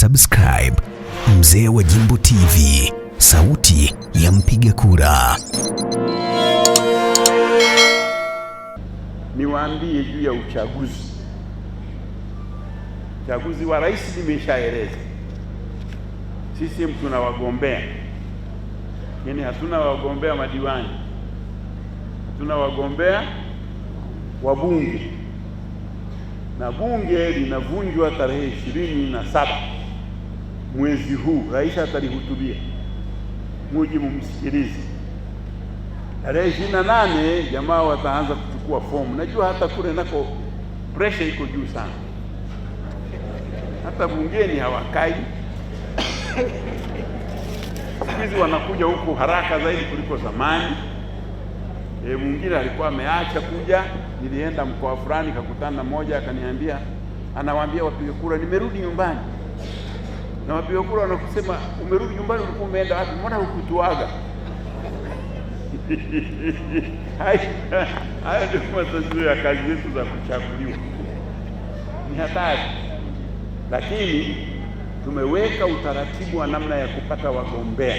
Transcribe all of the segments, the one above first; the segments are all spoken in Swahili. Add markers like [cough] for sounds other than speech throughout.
subscribe Mzee wa Jimbo TV, sauti ya mpiga kura. Niwaambie juu ya uchaguzi. Uchaguzi wa rais nimeshaeleza, sisi tuna wagombea, yaani hatuna wagombea madiwani, hatuna wagombea wa bunge na bunge linavunjwa tarehe ishirini na saba mwezi huu rais atalihutubia, muji mumsikilize. Tarehe ishirini na nane jamaa wataanza kuchukua fomu. Najua hata kule nako presha iko juu sana, hata bungeni hawakai siku hizi, wanakuja huku haraka zaidi kuliko zamani. E, mwingine alikuwa ameacha kuja. Nilienda mkoa fulani, kakutana na mmoja, akaniambia, anawaambia wapige kura, nimerudi nyumbani na wapiga kura wanakusema, umerudi nyumbani, ulikuwa umeenda wapi? Mbona hukutuaga? [laughs] Hayo ndio matatizo ya kazi zetu za kuchaguliwa, ni hatari. Lakini tumeweka utaratibu wa namna ya kupata wagombea,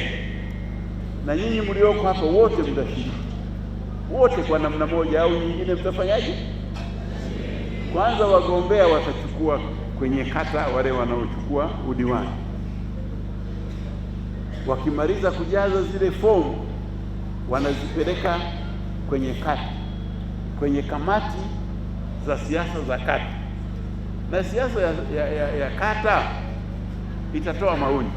na nyinyi mlioko hapa wote mtashiriki, wote kwa namna moja au nyingine. Mtafanyaje? Kwanza wagombea watachukua kwenye kata wale wanaochukua udiwani. Wakimaliza kujaza zile fomu, wanazipeleka kwenye kata, kwenye kamati za siasa za kata, na siasa ya, ya, ya, ya kata itatoa maoni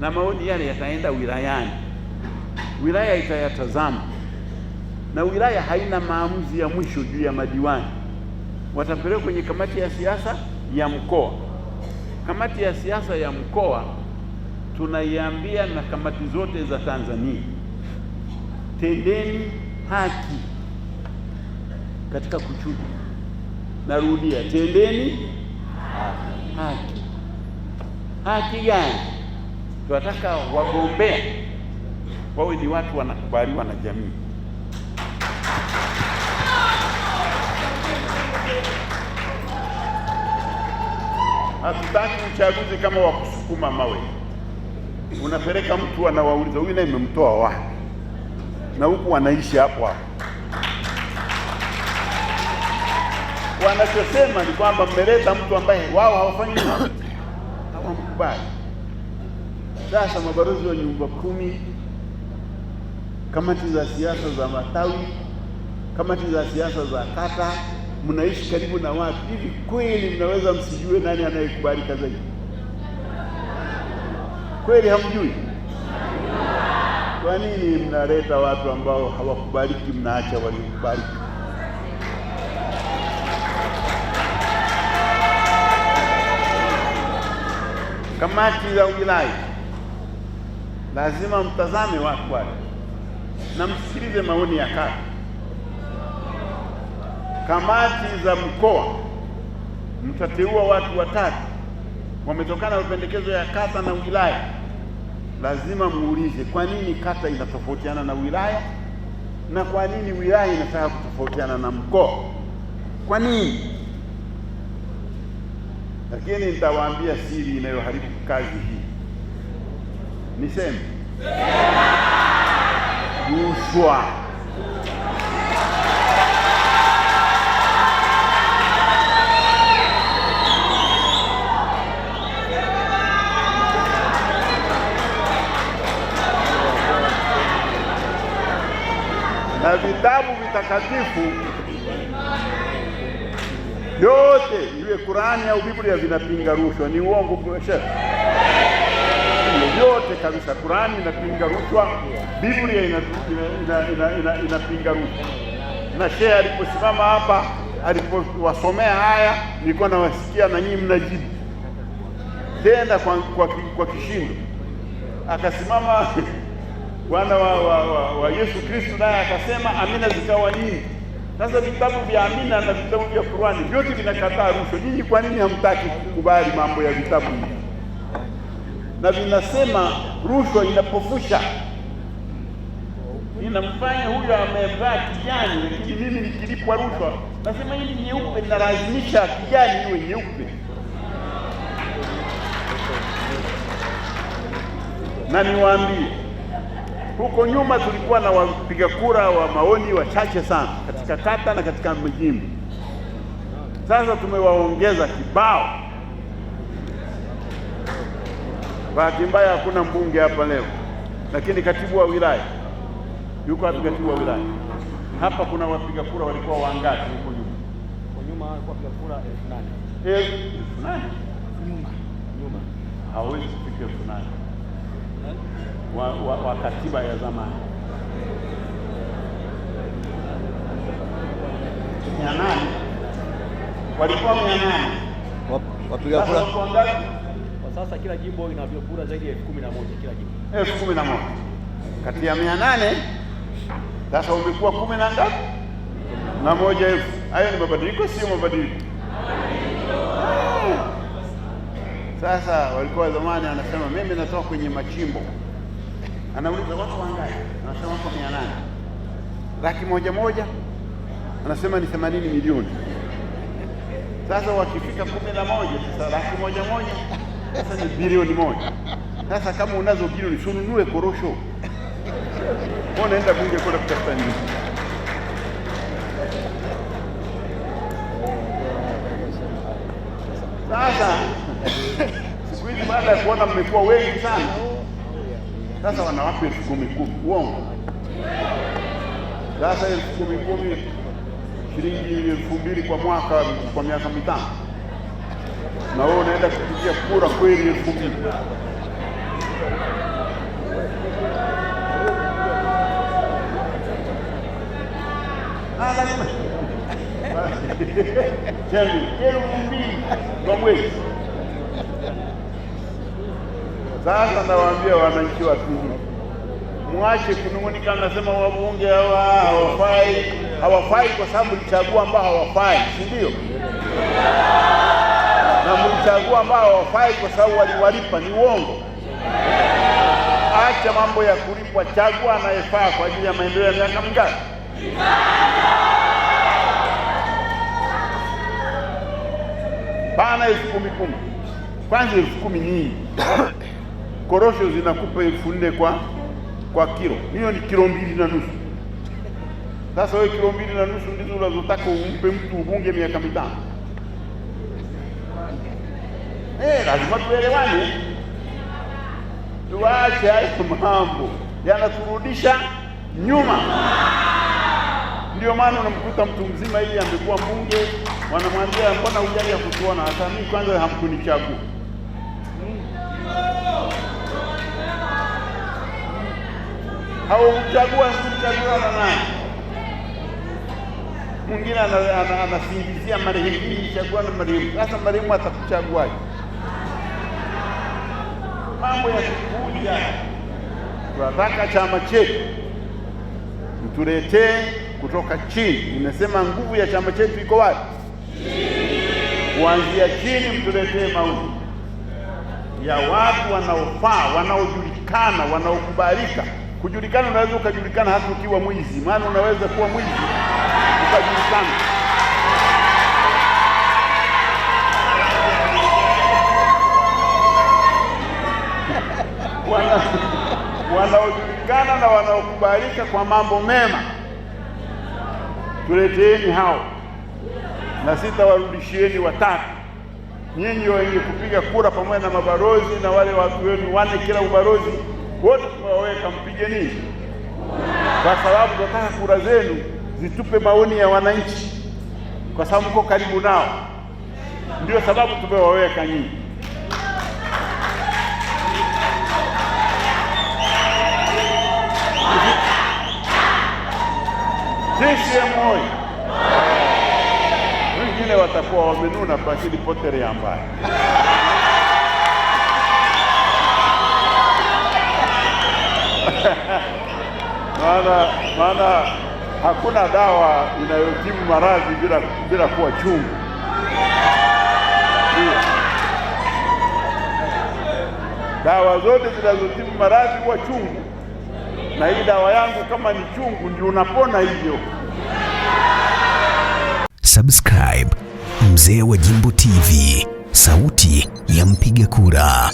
na maoni yale yataenda wilayani, wilaya itayatazama, na wilaya haina maamuzi ya mwisho juu ya madiwani watapelekwa kwenye kamati ya siasa ya mkoa. Kamati ya siasa ya mkoa tunaiambia na kamati zote za Tanzania, tendeni haki katika kuchuja. Narudia, tendeni haki. Haki gani? Tunataka wagombea wawe ni watu wanakubaliwa na jamii. hatutaki uchaguzi kama wa kusukuma mawe. Unapeleka mtu anawauliza huyu naye mmemtoa wapi? Na huku wanaishi hapo hapo. Wanachosema ni kwamba mmeleta mtu ambaye wao hawafanyi hawamkubali. Sasa mabalozi wa nyumba kumi, kamati za siasa za matawi, kamati za siasa za kata mnaishi karibu na watu, hivi kweli mnaweza msijue nani anayekubalika zaidi? Kweli hamjui? Kwa nini mnaleta watu ambao hawakubaliki, mnaacha waliokubaliki? Kamati za wilaya lazima mtazame watu wale na msikilize maoni ya kata kamati za mkoa mtateua watu watatu wametokana na mapendekezo ya kata na wilaya, lazima muulize kwa nini kata inatofautiana na wilaya na kwa nini wilaya inataka kutofautiana na mkoa. Kwa nini? Lakini nitawaambia siri inayoharibu kazi hii, niseme rushwa. na vitabu vitakatifu vyote, iwe Kurani au Biblia, vinapinga rushwa. Ni uongo vyote kabisa. Kurani inapinga rushwa, Biblia inapinga rushwa. Na shehe aliposimama hapa, alipowasomea haya, nilikuwa nawasikia na nyinyi mnajibu tena kwa, kwa, kwa kishindo. Akasimama [laughs] wana wa, wa, wa, wa Yesu Kristo, naye akasema amina zikawa nini. Sasa vitabu vya amina na vitabu vya Qur'ani vyote vinakataa rushwa. Nyinyi kwa nini hamtaki kukubali mambo ya vitabu hivi? Na vinasema rushwa inapofusha, inamfanya huyo amevaa kijani, lakini mimi nikilipwa rushwa nasema hii nyeupe, ninalazimisha kijani iwe nyeupe. Na niwaambie huko nyuma tulikuwa na wapiga kura wa maoni wachache sana katika kata na katika majimbo. Sasa tumewaongeza kibao. Bahati mbaya hakuna mbunge hapa leo, lakini katibu wa wilaya yuko hapa. Katibu wa wilaya hapa, kuna wapiga kura walikuwa wangapi huko nyuma? Huko nyuma wapiga kura elfu nane. Elfu nane? Nyuma. Nyuma. Hawezi kufika elfu nane wa, wa, wa katiba ya zamani mia nane walikuwa mia nane wapiga kura kwa sasa, kila jimbo inavyo kura zaidi ya elfu kumi na moja kila jimbo elfu kumi na moja kati ya mia nane sasa umekuwa kumi na ngapi na moja elfu. Hayo ni mabadiliko, sio mabadiliko? Sasa walikuwa zamani anasema mimi natoka kwenye machimbo, anauliza watu wangapi? Anasema watu mia nane laki moja moja, anasema ni themanini milioni. Sasa wakifika kumi na moja, sasa laki moja moja, sasa ni bilioni moja. Sasa kama unazo bilioni, sununue korosho, unaenda bunge kule kutafuta nini? Sasa hivi baada ya kuona mmekuwa wengi sana. Sasa wanawake elfu kumi kumi, uongo? Sasa elfu kumi kumi, shilingi elfu mbili kwa mwaka kwa miaka mitano, na wewe unaenda kupigia kura kweli elfu mbili [laughs] elfu mbili kwa mwezi sasa nawaambia wananchi wa Simiyu, mwache kunung'unika, nasema wabunge hawa hawafai, hawafai kwa sababu mlichagua ambao hawafai, si ndio? Na mlichagua ambao hawafai kwa sababu waliwalipa, ni uongo. Acha mambo ya kulipwa, chagua anayefaa kwa ajili ya maendeleo ya miaka mingapi? Pana elfu kumi kumi, kwanza elfu kumi nyingi korosho zinakupa elfu nne kwa kwa kilo, hiyo ni kilo mbili na nusu. Sasa wewe kilo mbili na nusu ndizo unazotaka umpe mtu ubunge miaka mitano? Eh, lazima tuelewane, tuache hayo mambo, yanaturudisha nyuma. Ndio maana unamkuta mtu mzima hivi amekuwa mbunge, wanamwambia mbona hujali kutuona? Hata mimi kwanza hamkunichagua haumchagua na nani Mwingine anasingizia marehemu, hii chagua na marehemu. Sasa marehemu atakuchaguaje? Mambo ya kukuja, tunataka chama chetu mtuletee kutoka chini. Nimesema nguvu ya chama chetu iko wapi? Kuanzia chini, mtuletee mauni ya watu wanaofaa, wanaojulikana, wanaokubalika Kujulikana, unaweza ukajulikana hata ukiwa mwizi, maana unaweza kuwa mwizi ukajulikana. Wanaojulikana na wanaokubalika kwa mambo mema tuleteeni hao, na sitawarudishieni watatu. Nyinyi wenye kupiga kura pamoja na mabalozi na wale watu wenu wane kila ubalozi wote tumewaweka mpige nini, kwa sababu tunataka kura zenu zitupe maoni ya wananchi, kwa sababu mko karibu nao, ndio sababu tumewaweka nyinyi. sisiemu wengine watakuwa wamenuna kwa akili potere ambayo [laughs] maana maana hakuna dawa inayotibu maradhi bila, bila kuwa chungu. Dawa zote zinazotibu maradhi huwa chungu, na hii dawa yangu kama ni chungu, ndio unapona hivyo. Subscribe Mzee wa Jimbo TV, sauti ya mpiga kura.